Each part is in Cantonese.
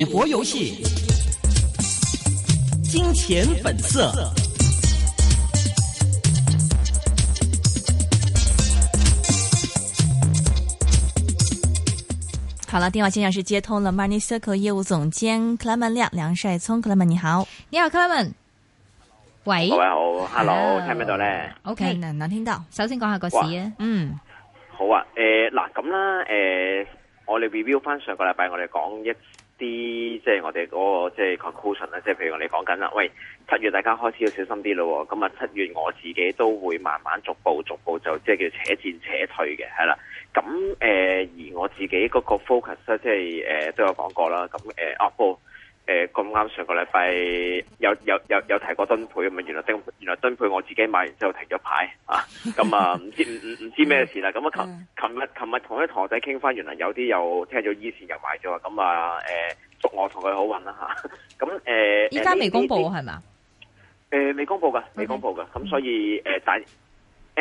活博遊戲，金錢粉色。好了，電話線上是接通了。Money Circle 業務總監 Clayman 梁梁帥聰 Clayman 你好，你好 Clayman 喂，各位好啊好 Hello,，Hello，聽唔聽到咧？OK，能聽到。首先講一下個事啊，嗯，好啊，誒、呃，嗱咁啦，誒、呃，我哋 review 翻上,上個禮拜我哋講一。啲即係我哋嗰、那個即係、就是、conclusion 啦，即係譬如我哋講緊啦，喂七月大家開始要小心啲咯，咁啊七月我自己都會慢慢逐步逐步就即係、就是、叫且戰且退嘅，係啦，咁誒、呃、而我自己嗰個 focus 即係誒都有講過啦，咁誒、呃、啊布。誒、呃，咁啱上個禮拜有有有有提過敦沛咁樣，原來敦原來敦沛我自己買完之後停咗牌啊，咁啊唔知唔唔唔知咩事啦，咁啊琴琴日琴日同啲同學仔傾翻，原來有啲又聽咗依線又買咗，咁啊誒、啊啊，祝我同佢好運啦吓，咁、啊、誒，依家未公布係嘛？誒，未、呃、公布噶，未公布噶，咁、okay. 嗯、所以誒、呃、但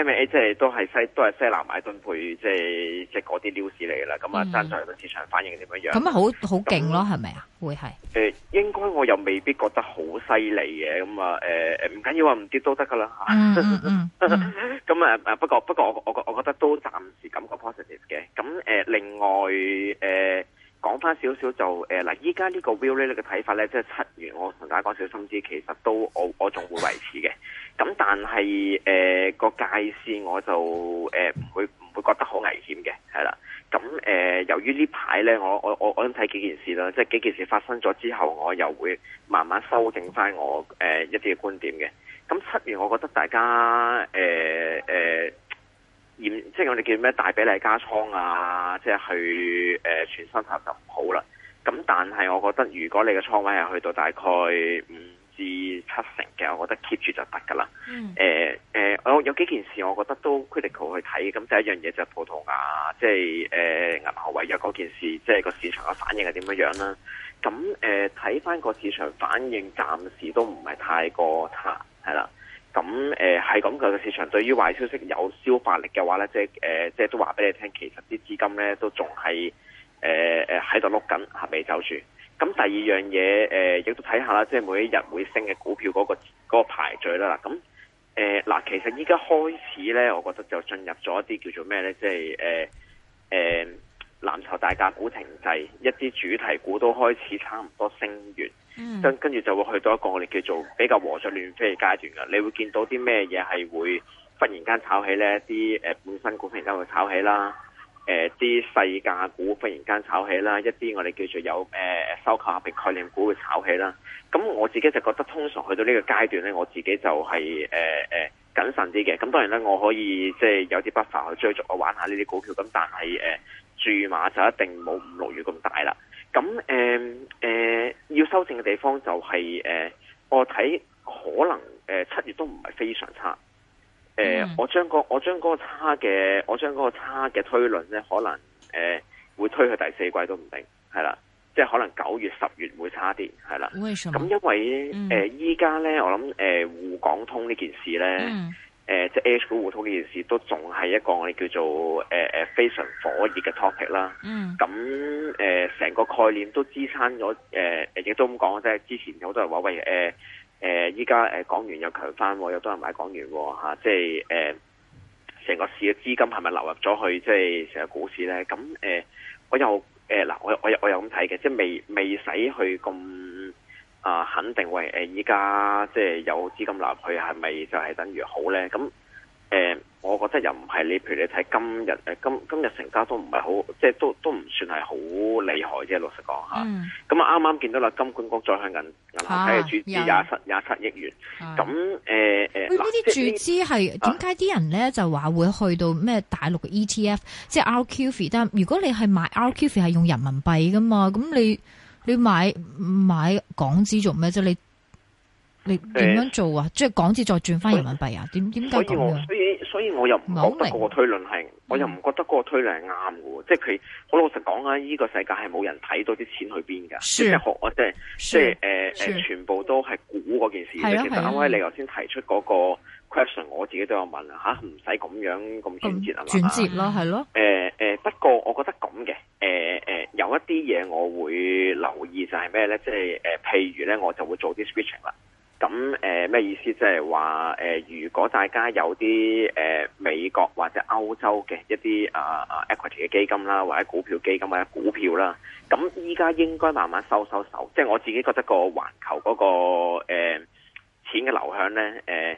即係都係西都係西南買盾配，即係即係嗰啲 news 嚟啦。咁啊，站上個市場反應點樣樣？咁、嗯、啊，好好勁咯，係咪啊？會、嗯、係？誒、嗯，應該我又未必覺得好犀利嘅。咁、嗯、啊，誒、嗯、誒，唔緊要啊，唔跌都得噶啦。咁啊不過不過，不過我我我覺得都暫時感覺 positive 嘅。咁誒、呃，另外誒，講翻少少就誒，嗱、呃，依家呢個 view 咧嘅睇法咧，即係七月，我同大家講小心啲，其實都我我仲會維持嘅。咁但係誒。呃個界線我就誒唔、呃、會唔會覺得好危險嘅，係啦。咁誒、呃，由於呢排呢，我我我我想睇幾件事啦，即係幾件事發生咗之後，我又會慢慢修正翻我誒、呃、一啲嘅觀點嘅。咁七月我覺得大家誒誒，嚴、呃呃、即係我哋叫咩大比例加倉啊，即係去誒、呃、全身銬就唔好啦。咁但係我覺得如果你嘅倉位係去到大概五至七。我覺得 keep 住就得噶啦。誒、嗯、誒，有、呃呃、有幾件事我覺得都，critical 去睇。咁第一樣嘢就係、葡萄牙，即係誒銀行違約嗰件事，即係個市場嘅反應係點樣樣啦。咁誒睇翻個市場反應，暫時都唔係太過差，係啦。咁誒係咁嘅，市場對於壞消息有消化力嘅話咧，即係誒，即、呃、係、就係、都話俾你聽，其實啲資金咧都仲係誒誒喺度碌緊，吓、呃、咪走住。咁第二樣嘢，誒、呃、亦都睇下啦，即係每一日會升嘅股票嗰、嗰個嗰、嗰個排序啦。咁誒嗱，其實依家開始呢，我覺得就進入咗一啲叫做咩呢？即係誒誒藍籌大價股停滯，一啲主題股都開始差唔多升完，mm. 跟跟住就會去到一個我哋叫做比較和尚亂飛嘅階段。你會見到啲咩嘢係會忽然間炒起呢？啲、呃、本身股票都會炒起啦。誒、呃，啲細價股忽然間炒起啦，一啲我哋叫做有誒、呃、收購合併概念股會炒起啦。咁我自己就覺得，通常去到呢個階段咧，我自己就係誒誒謹慎啲嘅。咁當然呢，我可以即係、呃、有啲不法去追逐去玩下呢啲股票。咁但係誒，注、呃、碼就一定冇五六月咁大啦。咁誒誒，要修正嘅地方就係、是、誒、呃，我睇可能誒七月都唔係非常差。誒、嗯呃，我將個我將嗰個差嘅，我將嗰個差嘅推論咧，可能誒、呃、會推去第四季都唔定，係啦，即係可能九月十月會差啲，係啦。為什麼？咁因為誒依家咧，我諗誒滬港通呢件事咧，誒、嗯呃、即係 H 股互通呢件事都仲係一個我哋叫做誒誒、呃、非常火熱嘅 topic 啦。嗯。咁誒成個概念都支撐咗誒誒，亦、呃、都咁講，即係之前好多人話喂誒。呃誒、呃，依家誒港元又強返，又多人買港元，喎、啊。即係誒成個市嘅資金係咪流入咗去，即係成個股市咧？咁誒、呃，我又誒嗱，我我我有咁睇嘅，即係未未使去咁啊、呃、肯定喂誒依家即係有資金流入去，係咪就係等於好咧？咁。我覺得又唔係你，譬如你睇今日今今日成交都唔係好，即係都都唔算係好厲害啫。老實講嚇，咁啊啱啱見到啦，金管局再向銀銀行睇嘅注資廿七廿七億元。咁誒誒，佢呢啲注資係點解啲人咧就話會去到咩大陸嘅 ETF，即係 RQF，但如果你係買 RQF 係用人民幣噶嘛，咁你你買買港紙做咩啫？你？你點樣做啊、呃？即係港紙再轉翻人民幣啊？點點解所以，所以我所以，所以我又唔覺得個推論係，我又唔覺得個推論係啱嘅喎。即係佢好老實講啊，依、呢個世界係冇人睇到啲錢去邊嘅。即係學，即係即係誒誒，全部都係估嗰件事。啊啊、其實啱啱你頭先提出嗰個 question，我自己都有問啊。吓，唔使咁樣咁轉折啊嘛。轉折啦，係咯。誒誒、啊啊呃呃，不過我覺得咁嘅誒誒，有一啲嘢我會留意就係咩咧？即係誒、呃，譬如咧，我就會做啲 switching 啦。咁誒咩意思？即係話誒，如果大家有啲誒、呃、美國或者歐洲嘅一啲啊、呃、equity 嘅基金啦，或者股票基金或者股票啦，咁依家應該慢慢收收手。即、就、係、是、我自己覺得個環球嗰、那個誒、呃、錢嘅流向咧，誒、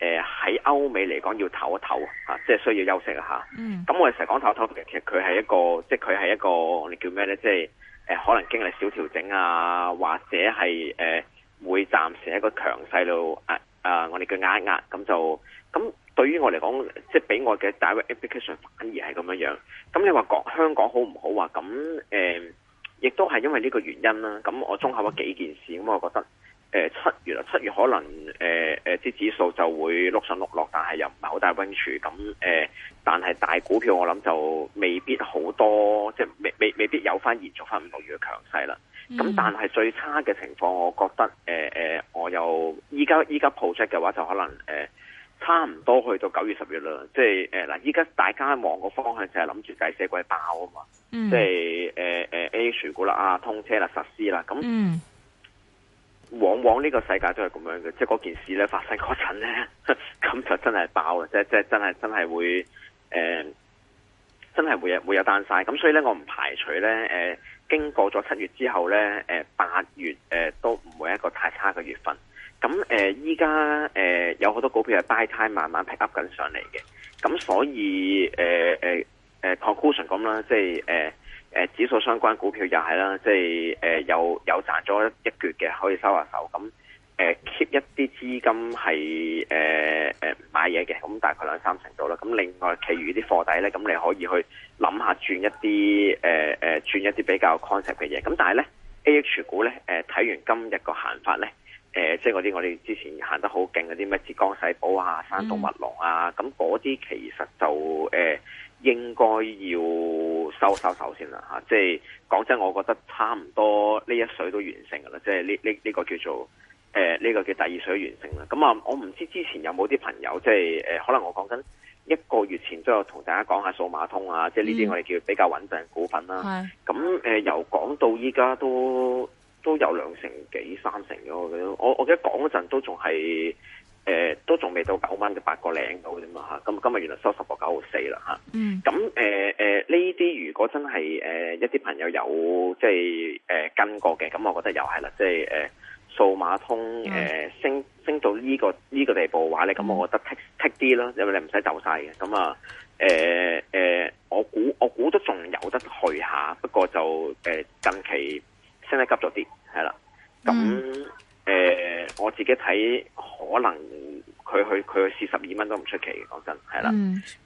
呃、喺、呃、歐美嚟講要唞一唞啊，即、就、係、是、需要休息啊嚇。咁、嗯、我哋成日講唞一唞其實佢係一個，即係佢係一個我哋叫咩咧？即、就、係、是呃、可能經歷小調整啊，或者係誒。呃會暫時喺個強勢度誒誒，我哋叫壓壓，咁就咁對於我嚟講，即係俾我嘅 Direct Application 反而係咁樣樣。咁你話港香港好唔好話咁誒，亦、呃、都係因為呢個原因啦。咁我綜合咗幾件事，咁我覺得誒、呃、七月啦七月，可能誒誒啲指數就會碌上碌落，但係又唔係好大 w i 咁誒，但係大股票我諗就未必好多，即、就、係、是、未未未必有翻，延續翻五月嘅強勢啦。咁、嗯、但係最差嘅情況，我覺得誒誒、呃呃，我又依家依家 project 嘅話，就可能誒、呃、差唔多去到九月十月啦。即係誒嗱，依、呃、家大家望個方向就係諗住第四季爆啊嘛。嗯、即係誒誒 A 股啦，啊通車啦、啊，實施啦。咁、啊嗯、往往呢個世界都係咁樣嘅，即係嗰件事咧發生嗰陣咧，咁就真係爆啦！即係即係真係真係會誒，真係會有、呃、會,會有單晒。咁所以咧，我唔排除咧誒。呃經過咗七月之後呢，誒、呃、八月誒、呃、都唔會一個太差嘅月份。咁誒依家誒有好多股票係低胎，慢慢 pick up 緊上嚟嘅。咁所以誒誒誒 conclusion 咁啦，即係誒誒指數相關股票又係啦，即係誒有有賺咗一橛嘅，可以收下手咁。誒、呃、，keep 一啲資金係，誒、呃，誒、呃、買嘢嘅，咁大概兩三成度啦。咁另外其，其餘啲貨底咧，咁你可以去諗下轉一啲，誒、呃，轉一啲比較 concept 嘅嘢。咁但係咧，AH 股咧，睇、呃、完今日個行法咧、呃，即係嗰啲我哋之前行得好勁嗰啲咩浙江世寶啊、山動物龍啊，咁嗰啲其實就誒、呃、應該要收收手先啦、啊、即係講真，我覺得差唔多呢一水都完成噶啦。即係呢呢呢個叫做。誒、呃，呢、這個叫第二水完成啦。咁啊，我唔知之前有冇啲朋友即係誒，可能我講緊一個月前都有同大家講下數碼通啊，即係呢啲我哋叫比較穩定嘅股份啦、啊。咁、嗯、誒、嗯呃，由講到依家都都有兩成幾、三成咗，我我記得講嗰陣都仲係誒，都仲未到九蚊嘅八個零度啫嘛吓。咁、啊、今日原來收十個九毫四啦吓。咁誒誒，呢、嗯、啲、呃呃、如果真係誒、呃、一啲朋友有即係誒跟過嘅，咁我覺得又係啦，即係誒。呃數碼通誒、呃 yeah. 升升到呢、呢個呢、呢個地步嘅話咧，咁我覺得剔剔啲咯，因為你唔使走晒嘅。咁啊誒誒，我估我估都仲有得去下，不過就誒、呃、近期升得急咗啲，係啦。咁誒、mm. 呃，我自己睇可能。佢去佢去試十二蚊都唔出奇，講真係啦。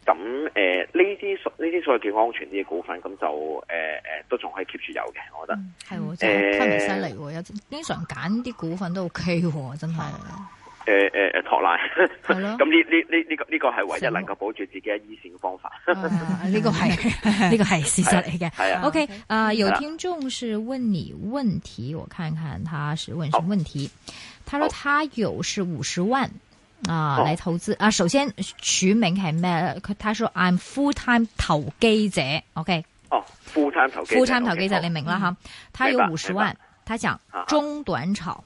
咁誒，呢啲呢啲所謂健康安全啲嘅股份，咁就誒誒、呃、都仲可以 keep 住有嘅，我覺得係，真係犀利，有、嗯呃、經常揀啲股份都 OK，真係。誒、呃、誒、呃、托賴咁呢呢呢呢個呢、這個係、這個這個、唯一能夠保住自己嘅一綫嘅方法。呢、 啊這個係呢 個係事實嚟嘅。係啊。O K，啊有聽眾是問你問題，我看看他問是問什麼問題。他說他有是五十萬。啊！Oh. 來投資啊！首先徐名係咩？佢他說、oh. I'm full-time 投機者，OK？哦、oh,，full-time 投機，full-time 投機者你明啦哈、嗯。他有五十萬，他想中短炒、啊。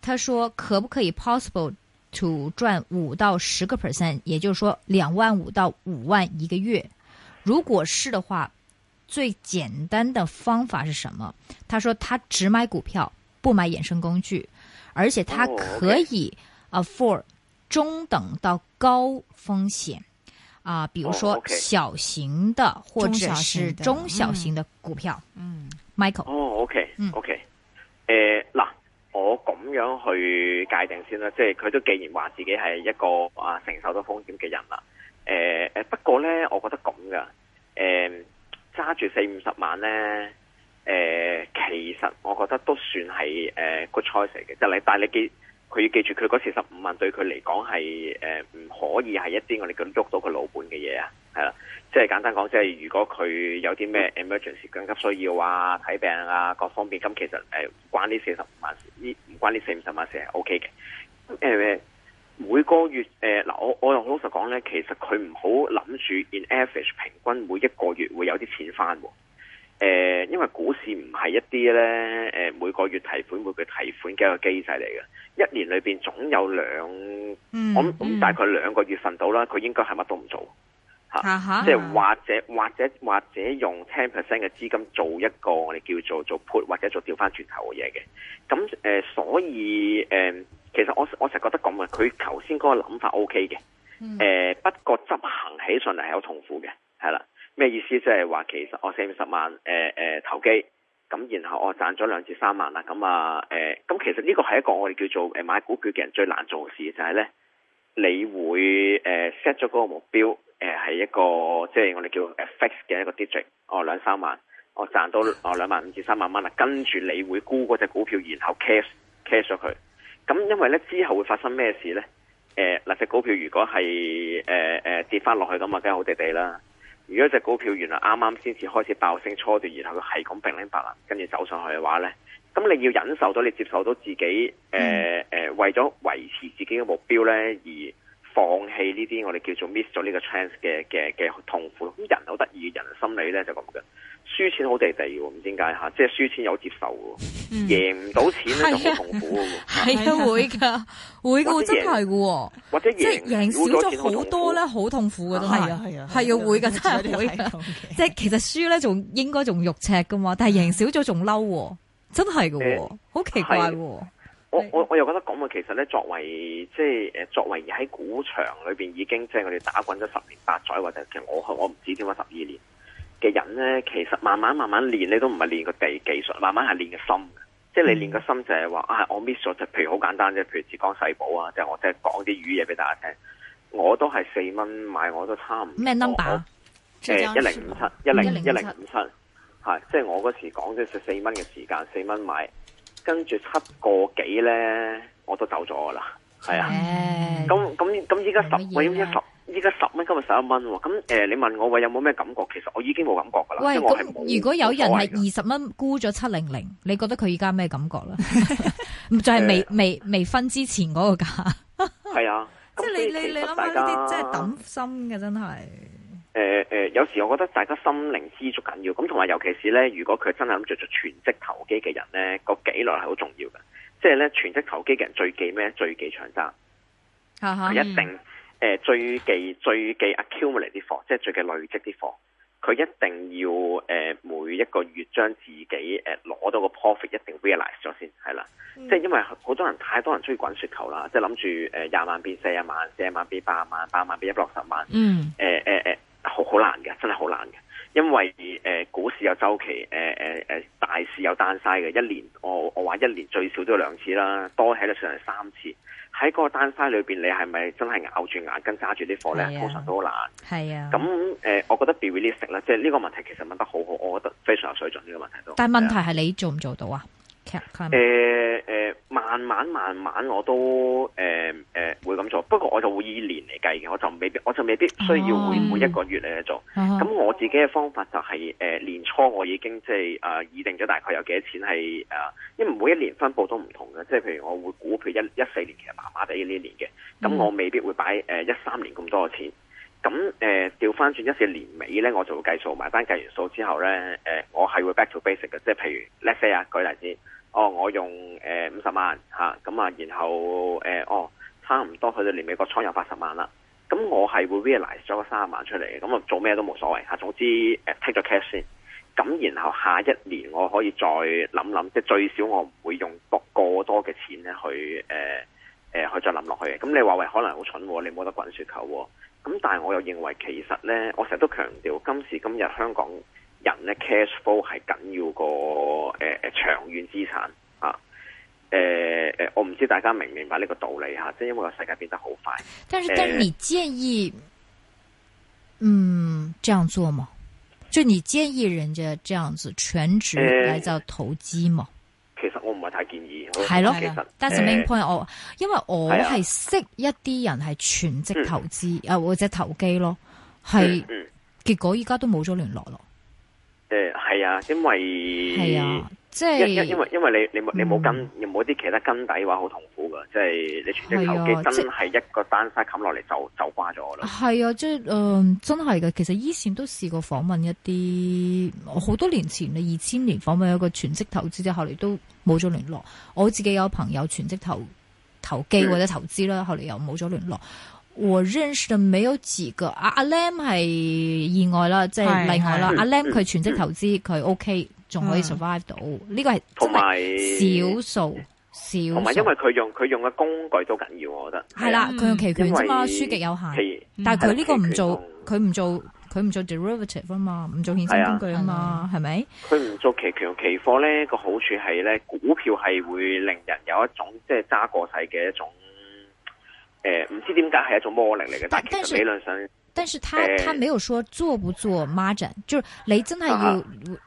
他說可不可以 possible to 賺五到十個 percent？也就是說兩萬五到五萬一個月。如果是的話，最簡單的方法是什麼？他說他只買股票，不買衍生工具，而且他可以 afford。中等到高風險啊、呃，比如說小型的、oh, okay. 或者是中小、嗯、中小型的股票。嗯，Michael、oh, okay, okay. 嗯。哦、呃、OK，OK。誒，嗱，我咁樣去界定先啦，即係佢都既然話自己係一個啊承受到風險嘅人啦。誒、呃、誒，不過咧，我覺得咁噶，誒揸住四五十萬咧，誒、呃、其實我覺得都算係誒 good size 嚟嘅，就、呃、你但你嘅。佢要記住，佢嗰四十五萬對佢嚟講係誒唔可以係一啲我哋叫郁到佢老本嘅嘢啊，係啦，即係簡單講，即係如果佢有啲咩 emergency 緊急需要啊、睇病啊各方面，咁其實誒、呃、關呢四十五萬，依唔關呢四五十萬事係 OK 嘅。誒、呃、每個月誒嗱、呃，我我又老實講咧，其實佢唔好諗住 in average 平均每一個月會有啲錢返喎。誒、呃，因為股市唔係一啲咧，誒、呃、每個月提款、每個月提款嘅一個機制嚟嘅。一年裏邊總有兩，咁、嗯、咁、嗯、大概兩個月份到啦，佢應該係乜都唔做，吓、啊，即、啊、係、就是、或者、啊、或者或者用 ten percent 嘅資金做一個我哋叫做做 put 或者做調翻轉頭嘅嘢嘅。咁誒、呃，所以誒、呃，其實我我成日覺得咁嘅，佢頭先嗰個諗法 O K 嘅，誒、嗯呃，不過執行起上嚟係有痛苦嘅，係啦。咩意思？即係話其實我 set 五十萬，誒、呃、誒、呃、投機，咁然後我賺咗兩至三萬啦，咁啊誒，咁、呃、其實呢個係一個我哋叫做誒買股票嘅人最難做嘅事，就係、是、呢：你會誒 set 咗嗰個目標，誒、呃、係一個即係我哋叫 fixed 嘅一個 digit，哦、呃、兩三萬，我賺到哦兩、呃、萬五至三萬蚊啦，跟住你會沽嗰隻股票，然後 cash cash 咗佢，咁因為呢，之後會發生咩事呢？誒、呃、嗱、呃、隻股票如果係誒誒跌翻落去咁啊，梗係好地地啦。如果隻股票原來啱啱先至開始爆升初段，然後佢係咁平穩白藍，跟住走上去嘅話呢，咁你要忍受到，你接受到自己，呃呃、為咗維持自己嘅目標呢。而放棄呢啲我哋叫做 miss 咗呢個 chance 嘅嘅嘅痛苦，咁人好得意，人心理咧就咁嘅，輸錢好地地喎，唔知點解吓，即係輸錢有接受喎，贏唔到錢咧就好痛苦嘅，係啊會噶、啊啊啊啊，會噶真係噶，或者贏、啊就是、少咗好多咧，好痛苦嘅都係啊，係啊，啊，啊，啊，啊，啊會噶、啊、真係會即係、啊、其實輸咧仲應該仲肉赤㗎嘛，但係贏少咗仲嬲，真係喎、啊，好、欸、奇怪、啊。我我我又覺得講句，其實咧，作為即係誒，作為喺股場裏邊已經即係佢哋打滾咗十年八載，或者其實我我唔知點解十二年嘅人咧，其實慢慢慢慢練你都唔係練個技技術，慢慢係練個心。即係你練個心就係話、嗯、啊，我 miss 咗就譬如好簡單啫，譬如浙江世寶啊，即係我即係講啲語嘢俾大家聽。我都係四蚊買，我都差唔多。咩 number？呃、10，即係一零五七一零一零五七，係即係我嗰時講即係四蚊嘅時間，四蚊買。跟住七個幾咧，我都走咗啦。係啊，咁咁咁依家十，我依家十，依家十蚊，今日十一蚊喎。咁誒，你問我話有冇咩感覺？其實我已經冇感覺噶啦。喂，如果有人係二十蚊沽咗七零零，你覺得佢依家咩感覺咧？就係未未未分之前嗰個價。係啊， 即係你你你諗下呢啲，即係抌心嘅真係。誒、呃、誒、呃，有時我覺得大家心靈知足緊要，咁同埋尤其是咧，如果佢真係諗住做全職投機嘅人咧，個紀律係好重要嘅，就是嗯呃。即係咧，全職投機嘅人最忌咩？最忌長揸。佢一定誒，最忌最忌 accumulate 啲貨，即係最忌累積啲貨。佢一定要誒、呃，每一個月將自己誒攞、呃、到個 profit 一定 realize 咗先，係啦。嗯，即係因為好多人太多人中意滾雪球啦，即係諗住誒廿萬變四十萬，四十萬變八十萬，八十萬變一百六十萬。嗯。誒誒誒。呃呃呃好好難嘅，真係好難嘅，因為誒、呃、股市有周期，誒誒誒大市有單篩嘅，一年我我話一年最少都有兩次啦，多喺度上三次。喺個單篩裏邊，你係咪真係咬住牙根揸住啲貨咧？通、啊、常都好難。係啊。咁誒、呃，我覺得 be realistic 啦、啊，即係呢個問題其實問得好好，我覺得非常有水準呢、這個問題都。但係問題係你做唔做到啊？誒、嗯、誒、嗯，慢慢慢慢，我都誒誒會咁做，不過我就會以年嚟計嘅我就未必，我就未必需要每一個月嚟做。咁、啊啊、我自己嘅方法就係、是、誒年初我已經即係啊擬定咗大概有幾多錢係啊，因為每一年分佈都唔同嘅，即係譬如我會估，譬如一一四年其實麻麻地呢年嘅，咁我未必會擺誒一三年咁多嘅錢。咁誒調翻轉一次年尾咧，我就會計數埋單，計完數之後咧，誒、呃、我係會 back to basic 嘅，即係譬如 Let's say 啊，舉例子，哦我用誒五十萬咁啊，然後誒、呃、哦差唔多佢到年尾個倉有八十萬啦，咁我係會 realize 咗三十萬出嚟咁啊，做咩都冇所謂嚇，總之誒、呃、take 咗 cash 先，咁然後下一年我可以再諗諗，即係最少我唔會用多過多嘅錢咧去誒、呃呃、去再諗落去嘅，咁你話喂、呃、可能好蠢，你冇得滾雪球。咁但係我又認為其實咧，我成日都強調今時今日香港人咧 cash flow 係緊要過誒誒長遠資產啊。誒、呃、誒，我唔知大家明唔明白呢個道理吓，即、啊、係因為個世界變得好快。但是，但係你建議、呃，嗯，這樣做嗎？就你建議人家這樣子全職嚟做投資嗎？呃呃唔係太建議，係咯，但係、其實、啊呃、main point、我，因為我係識一啲人係全職投資啊，或者投機咯，係、嗯嗯，結果而家都冇咗聯絡咯。係、呃、啊，因為係啊。即係因因為因為你你冇、嗯、你冇跟冇啲其他根底嘅話好痛苦噶，即、就、係、是、你全職投機真係一個單殺冚落嚟就就瓜咗啦。係啊，即係誒，真係嘅。其實以前都試過訪問一啲好多年前你二千年訪問一個全職投資，之後嚟都冇咗聯絡。我自己有朋友全職投投機或者投資啦、嗯，後嚟又冇咗聯絡。我認識到沒有幾個阿阿 Lam 係意外啦，即係例外啦、嗯。阿 Lam 佢全職投資，佢、嗯、OK、嗯。仲可以 survive 到呢、嗯這個係，同埋少數少。同埋因為佢用佢用嘅工具都緊要，我覺得係啦，佢、嗯、用期權啫嘛，輸極有限。嗯、但係佢呢個唔做，佢唔做，佢唔做，做 derivative 啊嘛，唔做衍生工具啊嘛，係咪？佢唔做期權期貨咧，個好處係咧，股票係會令人有一種即係揸過世嘅一種，誒、呃，唔知點解係一種魔力嚟嘅，但係其實理論上。但是他、呃、他沒有說做不做孖展就你真係要、啊、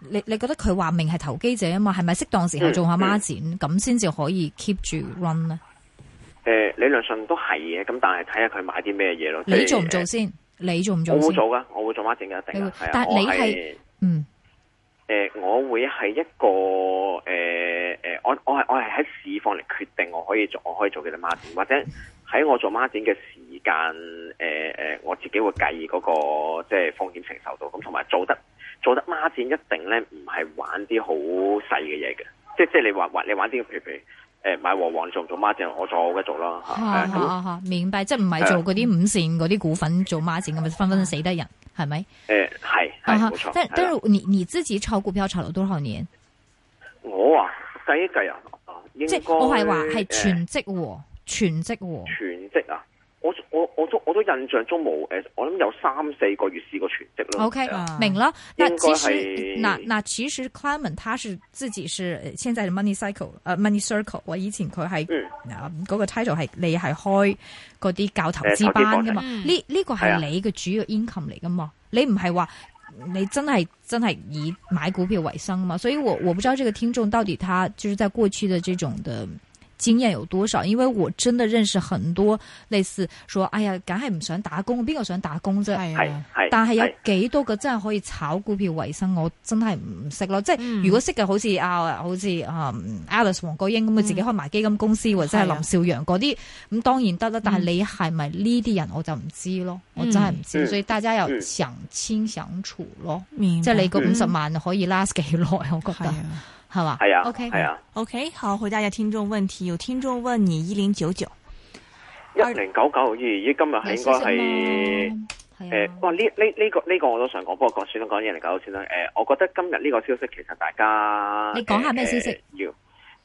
你你覺得佢話明係投機者啊嘛，係咪適當時候做下孖展咁先至可以 keep 住 run 咧？誒、呃，理論上都係嘅，咁但係睇下佢買啲咩嘢咯。你做唔做先？呃、你做唔做？我會做噶，我會做孖展一定噶。但你係嗯誒、呃，我會係一個誒誒、呃，我我係我係喺市況嚟決定我可以做，我可以做嘅孖展或者。喺我做孖展嘅時間，誒、呃、誒，我自己會計意、嗰個即係風險承受度咁，同埋做得做得孖展一定咧唔係玩啲好細嘅嘢嘅，即即係你話玩你玩啲，譬如誒買和黃做唔做孖展，我做我嘅做啦、啊嗯。明白，即係唔係做嗰啲五綫嗰啲股份做孖展咁，咪分分死得人，係咪？誒係係冇錯。但但係你你自己炒股票炒了多少年？我啊計一計啊，即係我係話係全職。呃全職、哦？全職啊！我我我都我都印象中冇誒，我諗有三四個月試過全職咯。O、okay, K，、啊、明囉。應其實嗱嗱，其實，實 Clement 他是自己是現在的 Money Cycle，誒、uh, Money Circle。我以前佢係嗰個 title 係你係開嗰啲教投資班噶嘛？呢呢、這個係你嘅主要 income 嚟噶嘛？嗯、你唔係話你真係真係以買股票為生嘛？所以我我唔知道這個聽眾到底他就是在過去的這種的。經驗有多少？因為我真的認識很多類似說，哎呀，梗係唔想打工，邊個想打工啫？係啊，係，但係有幾多個真係可以炒股票為生，啊，我真係唔識咯。即、嗯、係如果識嘅，好似啊，好似啊，Alice 黃國英咁，佢自己開埋基金公司，嗯、或者係林少陽嗰啲，咁、啊、當然得啦。但係你係咪呢啲人，我就唔知咯，嗯。我真係唔知，嗯，所以大家又想清想楚咯，即係你嗰五十萬可以 last 幾耐？我覺得。係啊，OK，係啊，OK 好。好回大家聽眾問題，有聽眾問你一零九九一零九九咦，二、哎，今日係應該係誒，哇！呢呢呢個呢、這個我都想講，不過講算啦，講嘢嚟九先啦。誒、呃，我覺得今日呢個消息其實大家，你講下咩消息？呃、要誒、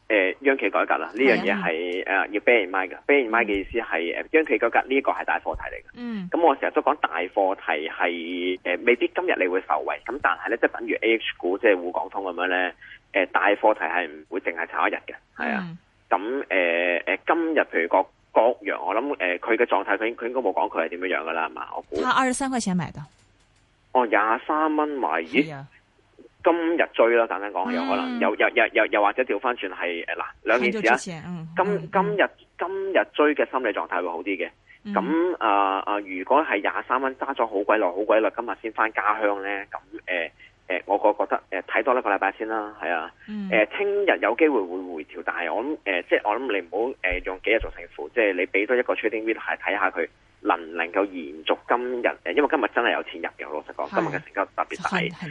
呃，央企改革啦，呢、啊、樣嘢係誒要 bear in mind 嘅，bear in mind 嘅意思係誒、嗯，央企改革呢個係大課題嚟嘅。嗯，咁我成日都講大課題係誒、呃，未必今日你會受惠，咁但係咧，即係等於 A H 股即係滬港通咁樣咧。誒、呃，大課題係唔會淨係查一日嘅，係、嗯、啊。咁誒誒，今日譬如個郭楊，我諗誒佢嘅狀態，佢、呃、應佢應該冇講佢係點樣樣噶啦，係嘛？我估。他二十三塊錢買的。哦，廿三蚊買？咦，今日追啦，簡單講，有可能又又又又又或者調翻轉係嗱兩件事啊。今今日今日追嘅心理狀態會好啲嘅。咁啊啊，如果係廿三蚊揸咗好鬼耐，好鬼耐，今日先翻家鄉咧，咁誒。呃誒、呃，我個覺得誒，睇、呃、多一個禮拜先啦，係啊，誒、嗯，聽、呃、日有機會會回調。但係我諗，誒、呃，即係我諗你唔好誒，用幾日做勝負，即係你俾多一個 trading view 係睇下佢。能唔能夠延續今日誒，因為今日真係有錢入嘅，老實講，今日嘅成交特別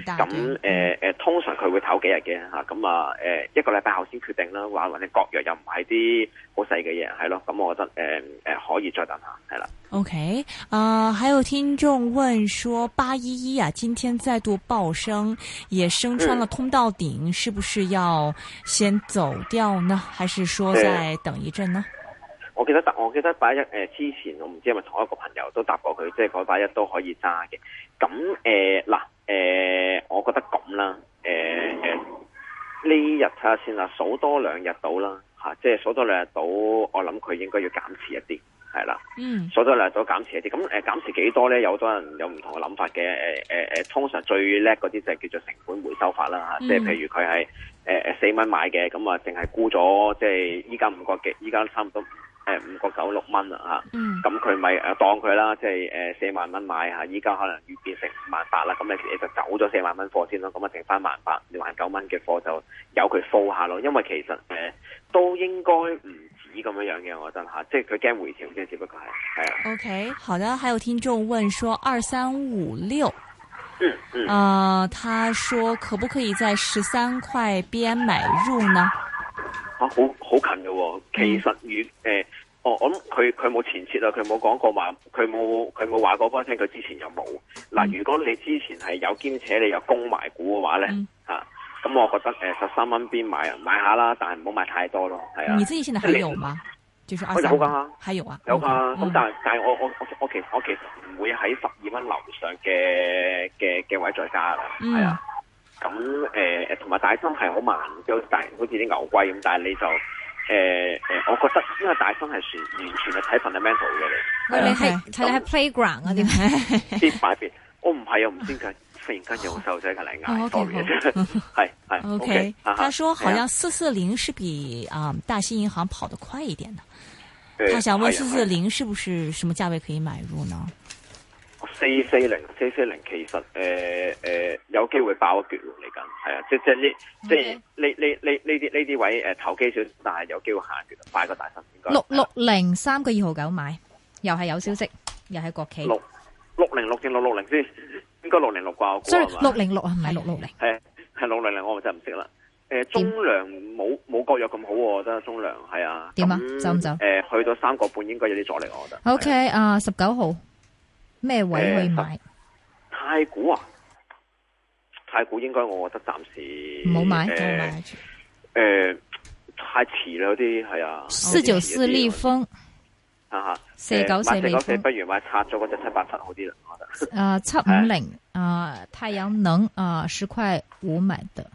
大。咁誒誒，通常佢會唞幾日嘅嚇，咁啊誒、呃、一個禮拜後先決定啦，或或者割藥又唔係啲好細嘅嘢，係咯，咁我覺得誒誒可以再等下，係啦。OK，啊、呃，還有聽眾問說八一一啊，今天再度爆升，也升穿了通道頂、嗯，是不是要先走掉呢？還是說再等一陣呢？嗯嗯。我記得搭，我記得八一誒之前，我唔知係咪同一個朋友都答過佢，即係嗰擺一都可以揸嘅。咁誒嗱誒，我覺得咁啦。誒呢日睇下先啦，數多兩日到啦嚇，即係數多兩日到，我諗佢應該要減持一啲，係啦。嗯。數多兩日到減持一啲，咁誒減持幾多咧？有多人有唔同嘅諗法嘅、呃呃、通常最叻嗰啲就係叫做成本回收法啦、嗯、即係譬如佢係誒四蚊買嘅，咁啊淨係沽咗，即係依家五個幾，依家差唔多。五個九六蚊啦吓，咁佢咪當佢啦，即係誒四萬蚊買吓，依家可能預變成五萬八啦，咁你其實就走咗四萬蚊貨先咯，咁啊剩翻萬八你萬九蚊嘅貨就由佢掃下咯，因為其實誒、呃、都應該唔止咁樣樣嘅，我覺得吓，即係佢驚回調，驚只不過。係啊。O、okay, K，好啦，還有聽眾問說二三五六，嗯嗯，啊、呃，他說可不可以在十三塊邊買入呢？啊，好好近嘅、啊，其實與誒。嗯呃哦，我諗佢佢冇前設啊，佢冇講過話，佢冇佢冇話過俾我聽，佢之前又冇。嗱、嗯，如果你之前係有兼且你又供埋股嘅話咧、嗯，啊，咁我覺得誒十三蚊邊買啊，買一下啦，但係唔好買太多咯，係啊。你自己現在還有嗎？是就是二。好啊。還有啊。有啊，咁、嗯嗯嗯、但係但係我我我我其實我其實唔會喺十二蚊樓上嘅嘅嘅位再加啦，係、嗯、啊。咁、嗯、誒，同、嗯、埋、嗯、大心係好慢，就係好似啲牛龜咁，但係你就。誒、呃、誒、呃，我覺得因為大分係全完全係睇 fundamental 嘅你，喂你你 playground 啊點？啲、 哦、擺遍 我不不 我受的別，我唔係又唔知佢忽然間就瘦仔個零壓，好嘅，係係。O K，佢說好似四四零是比、 嗯、大新銀行跑得快一點的，他想問四四零是不是什麼價位可以買入呢？ 四四零，四四零，其實誒誒、嗯嗯、有機會爆、嗯 okay. 呃、機機會個缺喎，嚟緊，係啊，即即呢即呢呢呢呢啲呢啲位誒投機少，但係有機會行一快過大神六六零三個二號九買，又係有消息，嗯、又係國企。六六零六定六六零先，應該六零六掛股啊嘛。所以六零六係咪六六零？係係六零零，我, Sorry, 606, 我真係唔識啦。誒，中糧冇冇國藥咁好喎，真係中糧係啊。點啊？走唔走？誒、呃，去到三個半應該有啲阻力，我覺得。O K 啊，十九號。咩位去買、呃？太古啊！太古應該我覺得暫時冇買，唔買誒、呃呃，太遲啦，嗰啲係啊。四九四利豐，哦、啊吓，四九四利豐，494, 494, 不如買拆咗嗰隻七八七好啲啦。呃、750, 啊，七五零啊，太陽能啊，十塊五買的。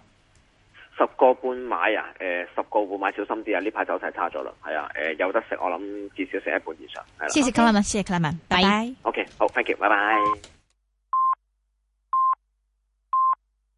十個半買啊誒、呃、十個半買，小心啲啊，呢排走勢差咗啦，係啊。誒，有得食，我諗至少食一半以上係啦，啊、謝謝 climb 謝謝 climb 拜拜，ok 好，thank you 拜拜。